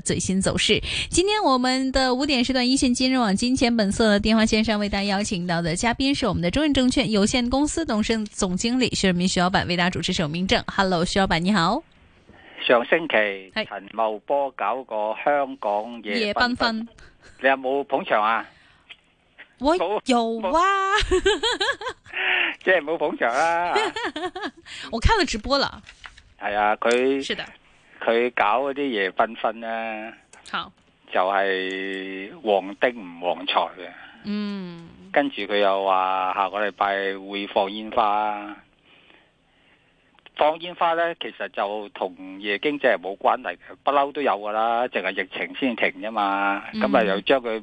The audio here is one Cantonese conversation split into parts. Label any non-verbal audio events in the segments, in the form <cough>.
最新走勢。今天我們的五點時段一線金融網金錢本色電話線上為大家邀請到的嘉賓是我們的中信證券有限公司董事總經理徐潤民徐老闆，為大家主持首明正。Hello，徐老闆，老闆你好。上星期，哎、陳茂波搞個香港夜繽紛，飯飯 <laughs> 你有冇捧場啊？我有啊， <laughs> <laughs> 即係冇捧場啦、啊。 <laughs> 我看了直播啦。係啊，佢是的。是的佢搞嗰啲夜繽紛咧，好就係旺丁唔旺財嘅。嗯，跟住佢又話下個禮拜會放煙花，放煙花咧，其實就同夜經濟係冇關係嘅，不嬲都有噶啦，淨係疫情先停啫嘛。咁啊、嗯，又將佢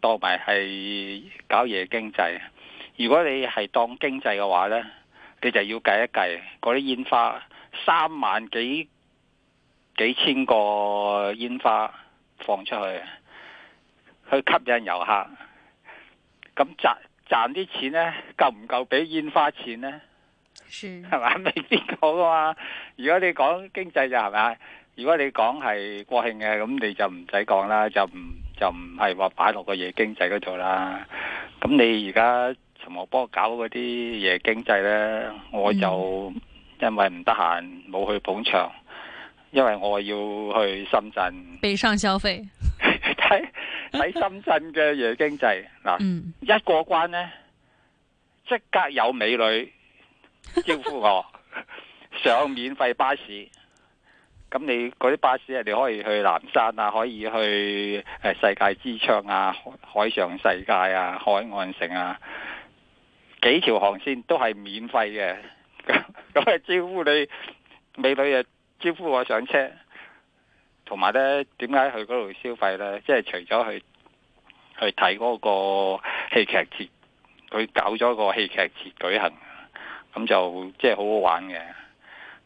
當埋係搞夜經濟。如果你係當經濟嘅話咧，你就要計一計嗰啲煙花三萬幾。幾千個煙花放出去，去吸引遊客，咁賺賺啲錢呢？夠唔夠俾煙花錢呢？係咪是？未必夠啊。嘛。如果你講經濟就係、是、咪？如果你講係國慶嘅，咁你就唔使講啦，就唔就唔係話擺落個夜經濟嗰度啦。咁你而家陳茂波搞嗰啲夜經濟呢，我就因為唔得閒，冇去捧場。因為我要去深圳，北上消費。睇 <laughs> 深圳嘅夜經濟嗱，嗯、一過關呢，即刻有美女招呼我 <laughs> 上免費巴士。咁你嗰啲巴士啊，你可以去南山啊，可以去誒世界之窗啊、海上世界啊、海岸城啊，幾條航線都係免費嘅。咁咁係招呼你美女啊！招呼我上車，同埋咧，點解去嗰度消費咧？即係除咗去去睇嗰個戲劇節，佢搞咗個戲劇節舉行，咁就即係好好玩嘅。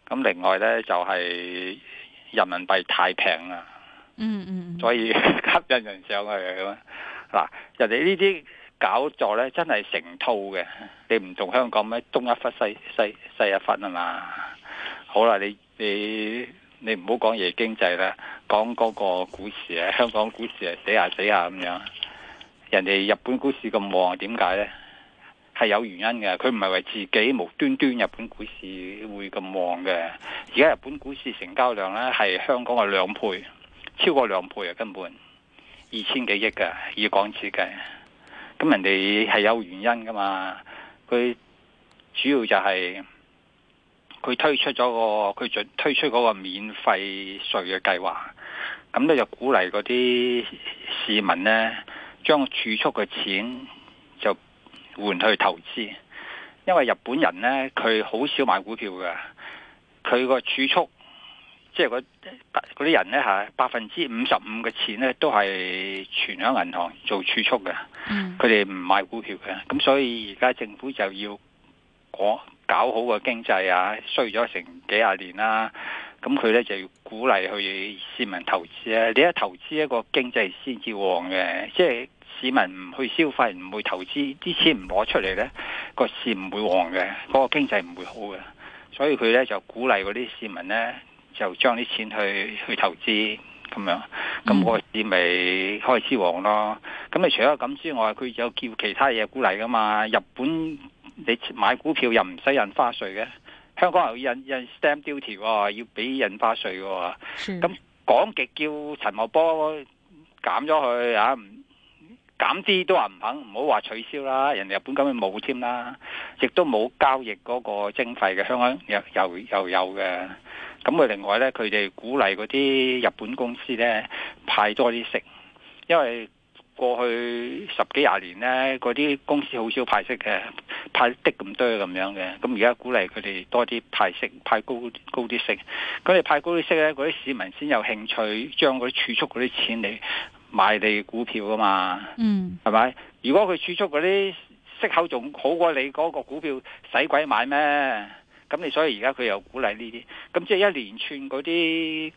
咁另外咧就係、是、人民幣太平啦，嗯嗯、mm，hmm. 所以 <laughs> 吸引人上去。嗱，人哋呢啲搞作咧真係成套嘅，你唔同香港咩東一忽西西西一忽啊嘛？好啦，你。你你唔好講夜經濟啦，講嗰個股市啊，香港股市啊，死下死下咁樣。人哋日本股市咁旺，點解呢？係有原因嘅，佢唔係為自己無端端日本股市會咁旺嘅。而家日本股市成交量呢，係香港嘅兩倍，超過兩倍啊，根本二千幾億嘅，以港紙計。咁人哋係有原因噶嘛？佢主要就係、是。佢推出咗個，佢準推出嗰個免費稅嘅計劃，咁咧就鼓勵嗰啲市民咧將儲蓄嘅錢就換去投資，因為日本人咧佢好少買股票嘅，佢個儲蓄，即係嗰啲人咧係百分之五十五嘅錢咧都係存喺銀行做儲蓄嘅，佢哋唔買股票嘅，咁所以而家政府就要我。搞好個經濟啊，衰咗成幾廿年啦，啊，咁佢呢就要鼓勵佢市民投資啊。你一投資一個經濟先至旺嘅，即係市民唔去消費，唔去投資，啲錢唔攞出嚟呢，個市唔會旺嘅，嗰個經濟唔會好嘅。所以佢呢就鼓勵嗰啲市民呢，就將啲錢去去投資咁樣，咁個市咪開始旺咯。咁你除咗咁之外，佢有叫其他嘢鼓勵噶嘛，日本。你買股票又唔使印花稅嘅，香港又要印印 stamp duty 喎、哦，要俾印花稅喎、哦。咁講極叫陳茂波減咗佢、啊，減啲都話唔肯，唔好話取消啦。人哋日本咁樣冇添啦，亦都冇交易嗰個徵費嘅，香港又又又有嘅。咁佢、嗯、另外咧，佢哋鼓勵嗰啲日本公司咧派多啲息，因為，過去十幾廿年咧，嗰啲公司好少派息嘅，派的咁多咁樣嘅。咁而家鼓勵佢哋多啲派息，派高高啲息。咁你派高啲息咧，嗰啲市民先有興趣將啲儲蓄嗰啲錢嚟買你嘅股票㗎嘛？嗯，係咪？如果佢儲蓄嗰啲息口仲好過你嗰個股票，使鬼買咩？咁你所以而家佢又鼓勵呢啲，咁即係一連串嗰啲。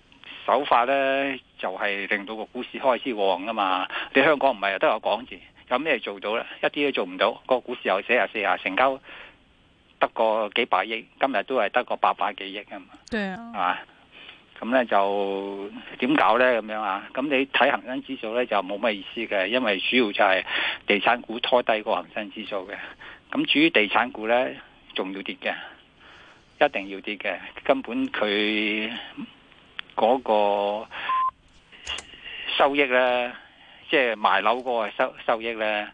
手法呢就係、是、令到個股市開始旺噶嘛，你香港唔係又得個講字，有咩做到呢？一啲都做唔到，個股市有四啊四啊，成交得個幾百億，今日都係得個八百幾億啊嘛，係嘛對？咁呢、啊、就點搞呢？咁樣啊？咁你睇恒生指數呢，就冇乜意思嘅，因為主要就係地產股拖低個恒生指數嘅。咁至於地產股呢，仲要跌嘅，一定要跌嘅，根本佢。嗰個收益呢，即係賣樓嗰個收收益呢，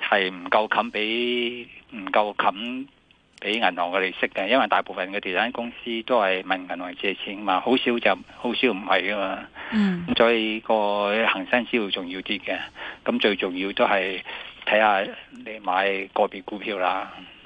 係唔夠冚俾唔夠冚俾銀行嘅利息嘅，因為大部分嘅地產公司都係問銀行借錢嘛，好少就好少唔係㗎嘛。嗯，所以個恆生指數重要啲嘅，咁最重要都係睇下你買個別股票啦。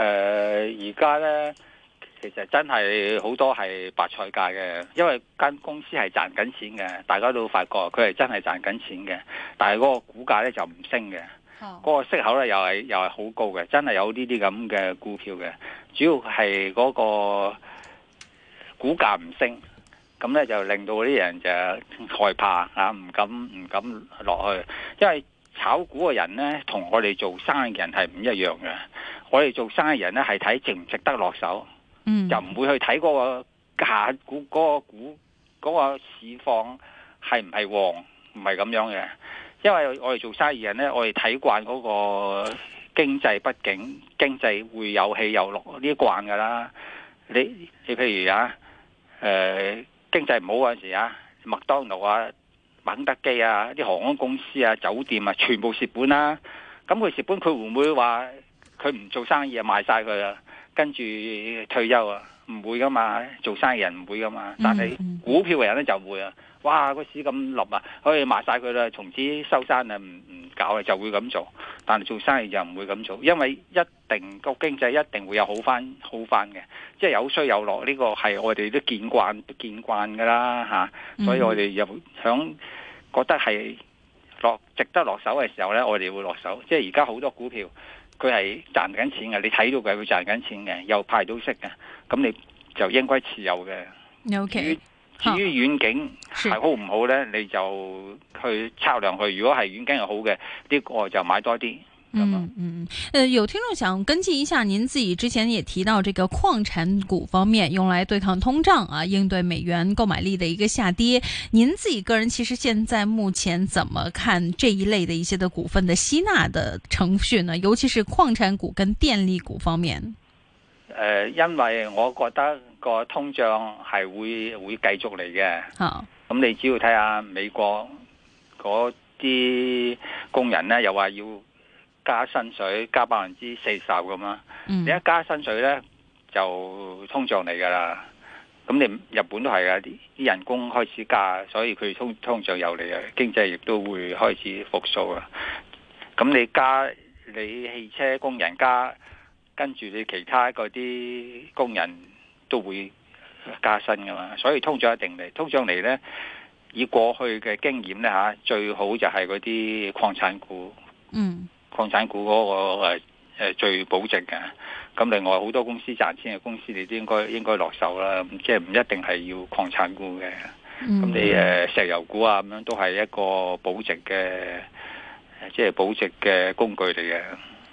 誒，而家、呃、呢，其實真係好多係白菜價嘅，因為間公司係賺緊錢嘅，大家都發覺佢係真係賺緊錢嘅，但係嗰個股價呢，就唔升嘅，嗰好個息口呢，又係又係好高嘅，真係有呢啲咁嘅股票嘅，主要係嗰個股價唔升，咁呢，就令到啲人就害怕啊，唔敢唔敢落去，因為炒股嘅人呢，同我哋做生意嘅人係唔一樣嘅。我哋做生意人咧，係睇值唔值得落手，就唔、嗯、會去睇嗰個價股、嗰、嗰個股、嗰個市況係唔係旺，唔係咁樣嘅。因為我哋做生意人咧，我哋睇慣嗰個經濟，畢竟經濟會有起有落，呢一慣噶啦。你你譬如啊，誒、呃、經濟唔好嗰陣時啊，麥當勞啊、肯德基啊、啲航空公司啊、酒店啊，全部蝕本啦、啊。咁佢蝕本會會，佢會唔會話？佢唔做生意啊，賣晒佢啦，跟住退休啊，唔會噶嘛。做生意人唔會噶嘛，但係股票嘅人咧就會啊。哇！個市咁立啊，可以賣晒佢啦，從此收山啊，唔唔搞啊，就會咁做。但係做生意就唔會咁做，因為一定個經濟一定會有好翻好翻嘅，即係有衰有落。呢個係我哋都見慣見慣噶啦嚇，所以我哋又想覺得係落值得落手嘅時候咧，我哋會落手。即係而家好多股票。佢係賺緊錢嘅，你睇到佢，會賺緊錢嘅，又派到息嘅，咁你就應該持有嘅。Okay. 至於至於遠景係、oh. 好唔好咧？你就去測量佢。如果係遠景又好嘅，啲、這、股、個、就買多啲。嗯嗯嗯，誒、嗯呃，有聽眾想跟進一下，您自己之前也提到這個礦產股方面，用來對抗通脹啊，應對美元購買力的一個下跌。您自己個人其實現在目前怎麼看這一類的一些的股份的吸納的程序呢？尤其是礦產股跟電力股方面。誒、呃，因為我覺得個通脹係會會繼續嚟嘅。好，咁、嗯、你主要睇下美國嗰啲工人呢，又話要。加薪水加百分之四十咁啦，你一加薪水咧，就通脹嚟噶啦。咁你日本都係啊，啲人工開始加，所以佢通通脹有嚟啊，經濟亦都會開始復甦啊。咁你加你汽車工人加，跟住你其他嗰啲工人都會加薪噶嘛。所以通脹一定嚟，通脹嚟咧，以過去嘅經驗咧，吓，最好就係嗰啲礦產股。嗯。礦產股嗰、嗰個誒誒、呃、最保值嘅。咁另外好多公司賺錢嘅公司你都應該應該落手啦，即係唔一定係要礦產股嘅，咁你誒石油股啊咁樣都係一個保值嘅，即係保值嘅工具嚟嘅。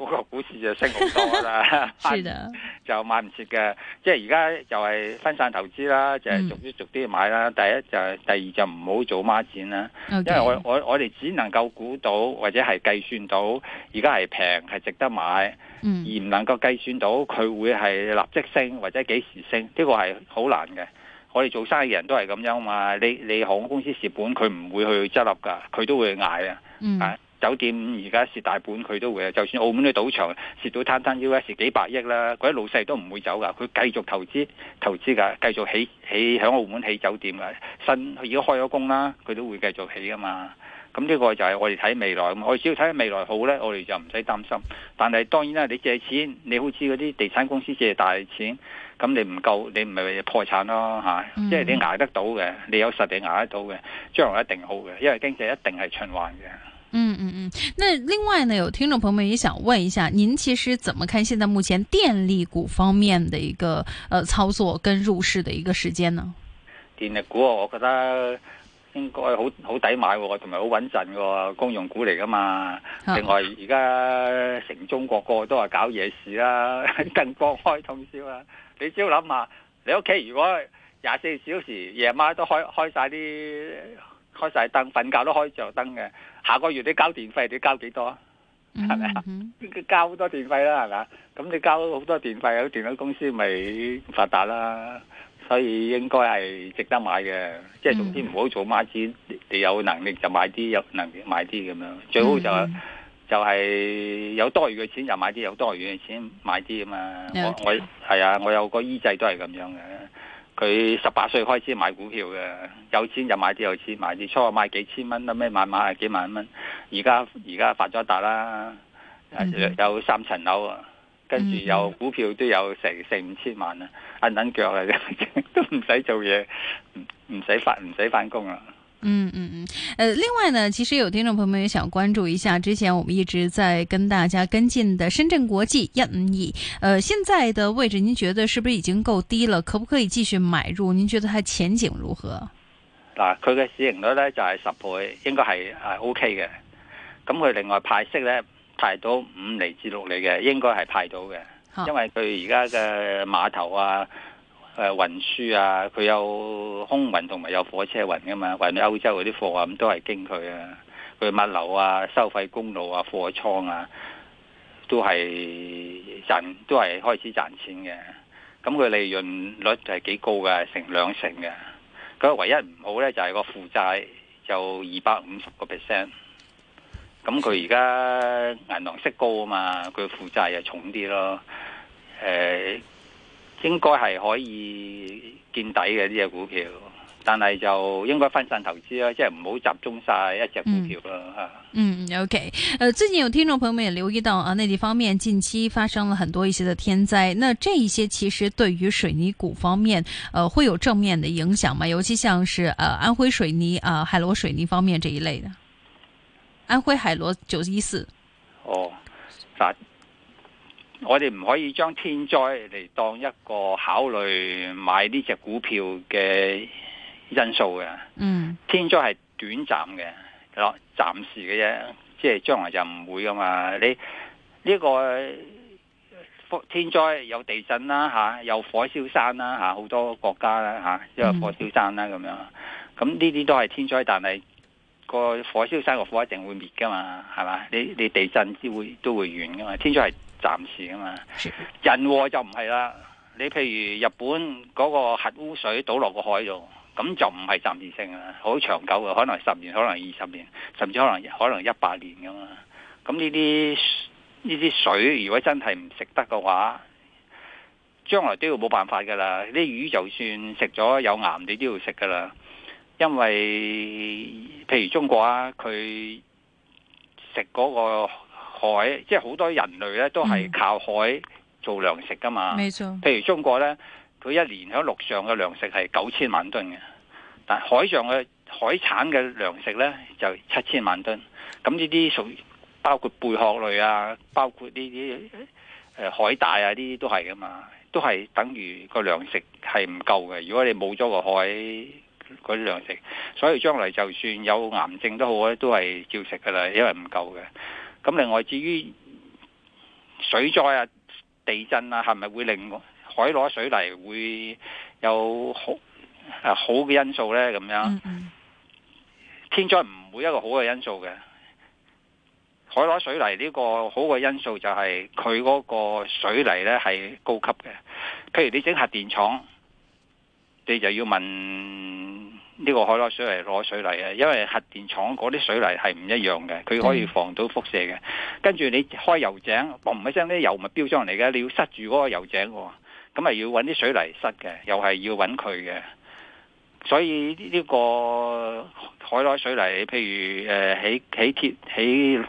嗰個股市就升好多啦，就買唔切嘅。即係而家又係分散投資啦，嗯、就係逐啲逐啲買啦。第一就係、第二就唔好做孖展啦，Okay. 因為我我我哋只能夠估到或者係計算到而家係平係值得買，嗯、而唔能夠計算到佢會係立即升或者幾時升，呢、呢個係好難嘅。我哋做生意人都係咁樣嘛。你你航空公司蝕本，佢唔會去執笠㗎，佢都會捱、嗯、啊。嗯。酒店而家蝕大本，佢都會啊！就算澳門嘅賭場蝕到攤攤 U S 幾百億啦，嗰啲老細都唔會走噶，佢繼續投資投資㗎，繼續起起喺澳門起酒店㗎，新佢而家開咗工啦，佢都會繼續起㗎嘛。咁呢個就係我哋睇未來，我哋只要睇未來好呢，我哋就唔使擔心。但係當然啦，你借錢，你好似嗰啲地產公司借大錢，咁你唔夠，你唔係破產咯嚇，啊嗯、即係你捱得到嘅，你有實力捱得到嘅，將來一定好嘅，因為經濟一定係循環嘅。嗯嗯嗯，那另外呢，有聽眾朋友們也想問一下，您其實怎麼看現在目前電力股方面的一個，呃，操作跟入市的一個時間呢？電力股，我覺得應該好好抵買，同埋好穩陣嘅公用股嚟噶嘛。另外而家城中個個都係搞夜市啦、啊，更放開通宵啦、啊。你只要諗下，你屋企如果廿四小時夜晚都開開晒啲。開晒燈，瞓覺都開着燈嘅。下個月你交電費，你交幾多啊？係咪啊？Mm hmm. <laughs> 交好多電費啦，係咪啊？咁你交好多電費，有電力公司咪發達啦？所以應該係值得買嘅。即係總之唔好做孖子，你有能力就買啲，有能力買啲咁樣。最好就係就係有多餘嘅錢就買啲，有多餘嘅錢買啲啊嘛。Mm hmm. 我我係啊，我有個衣制都係咁樣嘅。佢十八歲開始買股票嘅，有錢就買啲，有錢買啲，初啊買幾千蚊啦，咩買買係幾萬蚊，而家而家發咗達啦，有三層樓啊，跟住有股票都有成四五千萬啦，揞揞腳嚟嘅， <laughs> 都唔使做嘢，唔使返唔使返工啊。嗯嗯嗯，另外呢，其實有聽眾朋友們也想關注一下，之前我們一直在跟大家跟進的深圳國際，嗯，一五二，呃，現在的位置，您覺得是不是已經夠低了？可不可以繼續買入？您覺得它前景如何？嗱，佢嘅市盈率呢，就係十倍，應該係係 OK 嘅。咁佢另外派息呢，派到五厘至六厘嘅，應該係派到嘅，好因為佢而家嘅碼頭啊。誒，運輸啊，佢有空運同埋有火車運噶嘛，運歐洲嗰啲貨啊，咁都係經佢啊，佢物流啊、收費公路啊、貨倉啊，都係賺，都係開始賺錢嘅。咁、嗯、佢利潤率就係幾高嘅，成兩成嘅。佢唯一唔好咧就係個負債就二百五十個 percent。咁佢而家銀行息高啊嘛，佢負債又重啲咯，誒、欸。應該係可以見底嘅呢隻股票，但係就應該分散投資啦，即係唔好集中晒一隻股票咯吓、嗯。嗯，OK，誒、呃，最近有聽眾朋友們也留意到啊，內、呃、地方面近期發生了很多一些的天災，那這一些其實對於水泥股方面，誒、呃、會有正面的影響嘛？尤其像是誒、呃、安徽水泥、啊、呃、海螺水泥方面這一類的，安徽海螺九一四。哦，我哋唔可以將天災嚟當一個考慮買呢隻股票嘅因素嘅。嗯，天災係短暫嘅，咯，暫時嘅啫。即係將來就唔會噶嘛。你呢、這個天災有地震啦，吓、啊、有火燒山啦，吓、啊、好多國家啦，吓，因為火燒山啦咁樣。咁呢啲都係天災，但係個火燒山個火一定會滅噶嘛，係嘛？你你地震會都會都會遠噶嘛？天災係。暫時啊嘛，人禍就唔係啦。你譬如日本嗰個核污水倒落個海度，咁就唔係暫時性啦，好長久嘅，可能十年，可能二十年，甚至可能可能一百年咁嘛。咁呢啲呢啲水，如果真係唔食得嘅話，將來都要冇辦法噶啦。啲魚就算食咗有癌，你都要食噶啦。因為譬如中國啊，佢食嗰個。海即係好多人類咧，都係靠海做糧食噶嘛。嗯、冇錯，譬如中國呢，佢一年喺陸上嘅糧食係九千萬噸嘅，但海上嘅海產嘅糧食呢就七千萬噸。咁呢啲屬於包括貝殼類啊，包括呢啲、呃、海帶啊，呢啲都係噶嘛，都係等於個糧食係唔夠嘅。如果你冇咗個海嗰啲糧食，所以將來就算有癌症都好咧，都係要食噶啦，因為唔夠嘅。咁另外至於水災啊、地震啊，係咪會令海螺水泥會有好啊好嘅因素呢？咁樣天災唔會一個好嘅因素嘅，海螺水泥呢個好嘅因素就係佢嗰個水泥呢係高級嘅。譬如你整核電廠，你就要問。呢個海螺水泥攞水泥啊，因為核電廠嗰啲水泥係唔一樣嘅，佢可以防到輻射嘅。跟住你開油井，嘣一聲啲油咪飆上嚟嘅，你要塞住嗰個油井喎，哦，咁啊要揾啲水泥塞嘅，又係要揾佢嘅。所以呢個海螺水泥，譬如誒、呃、起起鐵起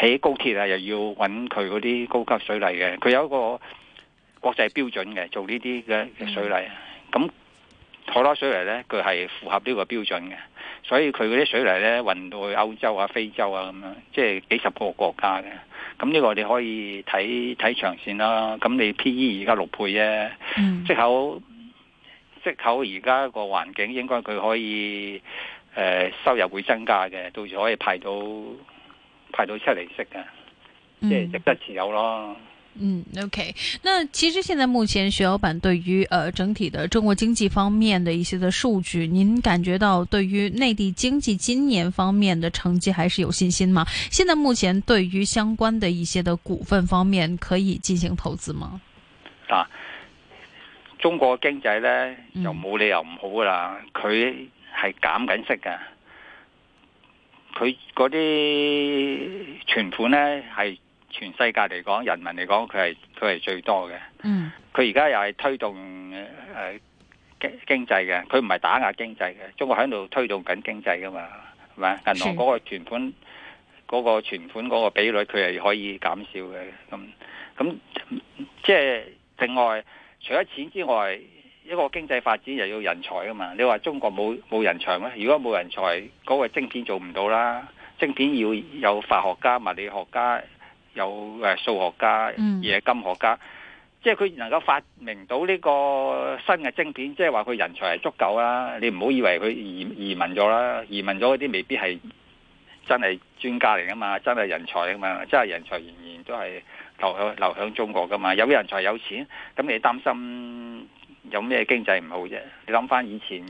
起高鐵啊，又要揾佢嗰啲高級水泥嘅，佢有一個國際標準嘅做呢啲嘅水泥，咁、嗯。嗯。好多水泥咧，佢係符合呢個標準嘅，所以佢嗰啲水泥咧運到去歐洲啊、非洲啊咁樣，即係幾十個國家嘅。咁呢個你可以睇睇長線啦。咁你 PE 而家六倍啫，即口即口而家個環境應該佢可以誒、呃、收入會增加嘅，到時可以派到派到出嚟息嘅，嗯、即係值得持有咯。嗯，OK，那其實現在目前徐老闆對於，呃，整體的中國經濟方面的一些的數據，您感覺到對於內地經濟今年方面的成績還是有信心嗎？現在目前對於相關的一些的股份方面可以進行投資嗎？嗱、啊，中國經濟呢，就冇理由唔好噶啦，佢係、嗯、減緊息嘅，佢嗰啲存款呢，係。全世界嚟講，人民嚟講，佢係佢係最多嘅。嗯，佢而家又係推動誒、呃、經經濟嘅，佢唔係打壓經濟嘅。中國喺度推動緊經濟噶嘛，係咪啊？銀行嗰個存款嗰個存款嗰個比率，佢係可以減少嘅。咁咁即係另外，除咗錢之外，一個經濟發展又要人才噶嘛。你話中國冇冇人才咩？如果冇人才，嗰個晶片做唔到啦。晶片要有化學家、物理學家。有誒數學家，而係金學家，即係佢能夠發明到呢個新嘅晶片，即係話佢人才係足夠啦。你唔好以為佢移移民咗啦，移民咗嗰啲未必係真係專家嚟噶嘛，真係人才噶嘛，真係人才仍然都係留喺留喺中國噶嘛。有啲人才有錢，咁你擔心有咩經濟唔好啫？你諗翻以前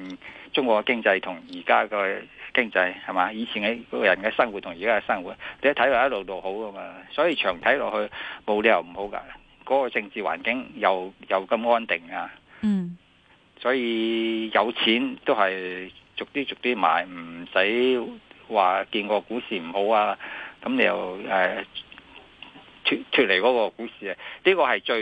中國嘅經濟同而家嘅。經濟係嘛，以前嘅個人嘅生活同而家嘅生活，你一睇落一路都好噶嘛，所以長睇落去冇理由唔好噶。嗰、嗰個政治環境又又咁安定啊，嗯，所以有錢都係逐啲逐啲買，唔使話見過股市唔好啊，咁你又誒脱脫離嗰個股市啊？呢、呢個係最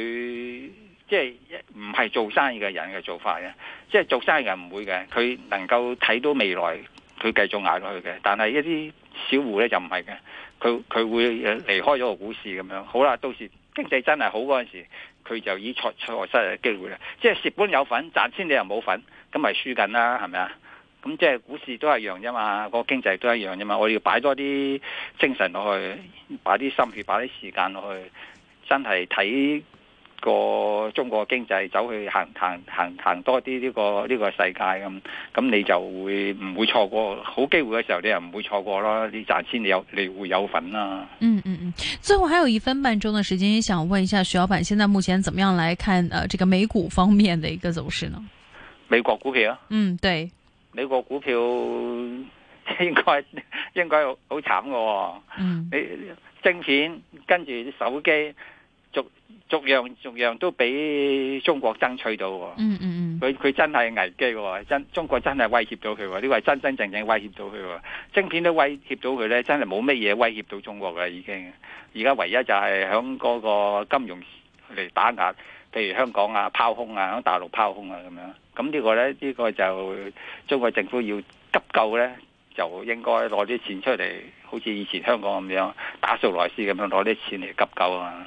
即係唔係做生意嘅人嘅做法嘅，即、就、係、是、做生意人唔會嘅，佢能夠睇到未來。佢繼續捱落去嘅，但係一啲小戶咧就唔係嘅，佢佢會離開咗個股市咁樣。好啦，到時經濟真係好嗰陣時，佢就已經錯失嘅機會啦。即係蝕本有份，賺錢，你又冇份，咁咪輸緊啦，係咪啊？咁即係股市都係一樣啫嘛，個經濟都一樣啫嘛。我哋要擺多啲精神落去，擺啲心血，擺啲時間落去，真係睇。個中國經濟走去行行行行多啲呢、這個呢、這個世界咁，咁你就會唔會錯過好機會嘅時候，你就唔會錯過啦，你賺錢你有你會有份啦。嗯嗯嗯最後還有一分半鐘嘅時間，想問一下徐老闆，現在目前怎麼樣來看誒、呃？這個美股方面嘅一個走勢呢？美國股票、啊、嗯對美國股票應該應該好慘嘅嗯你晶片跟住手機。逐逐樣逐樣都俾中國爭取到、啊，佢佢、嗯嗯、真係危機嘅、啊，真中國真係威脅到佢喎、啊，呢個真真正正威脅到佢喎、啊，晶片都威脅到佢咧，真係冇乜嘢威脅到中國嘅已經，而家唯一就係響嗰個金融嚟打壓，譬如香港啊、拋空啊、響大陸拋空啊咁樣，咁呢個咧呢個就中國政府要急救咧，就應該攞啲錢出嚟，好似以前香港咁樣打索羅斯咁樣攞啲錢嚟急救啊。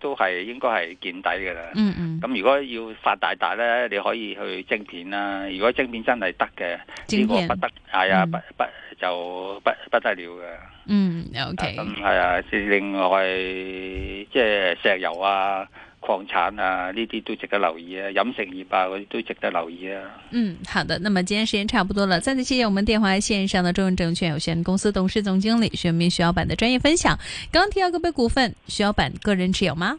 都係應該係見底嘅啦。咁、嗯嗯、如果要發大達咧，你可以去晶片啦。如果晶片真係得嘅，呢個片不得，係啊、嗯哎，不不就不不得了嘅。嗯，OK。係啊，另外即係、就是、石油啊。礦產啊，呢啲都值得留意啊，飲食業啊嗰啲都值得留意啊。嗯，好的，那麼今天時間差不多了，再次謝謝我們電話線上的中證證券有限公司董事總經理徐潤民徐老闆的專業分享。剛剛提到個別股份，徐老闆個人持有嗎？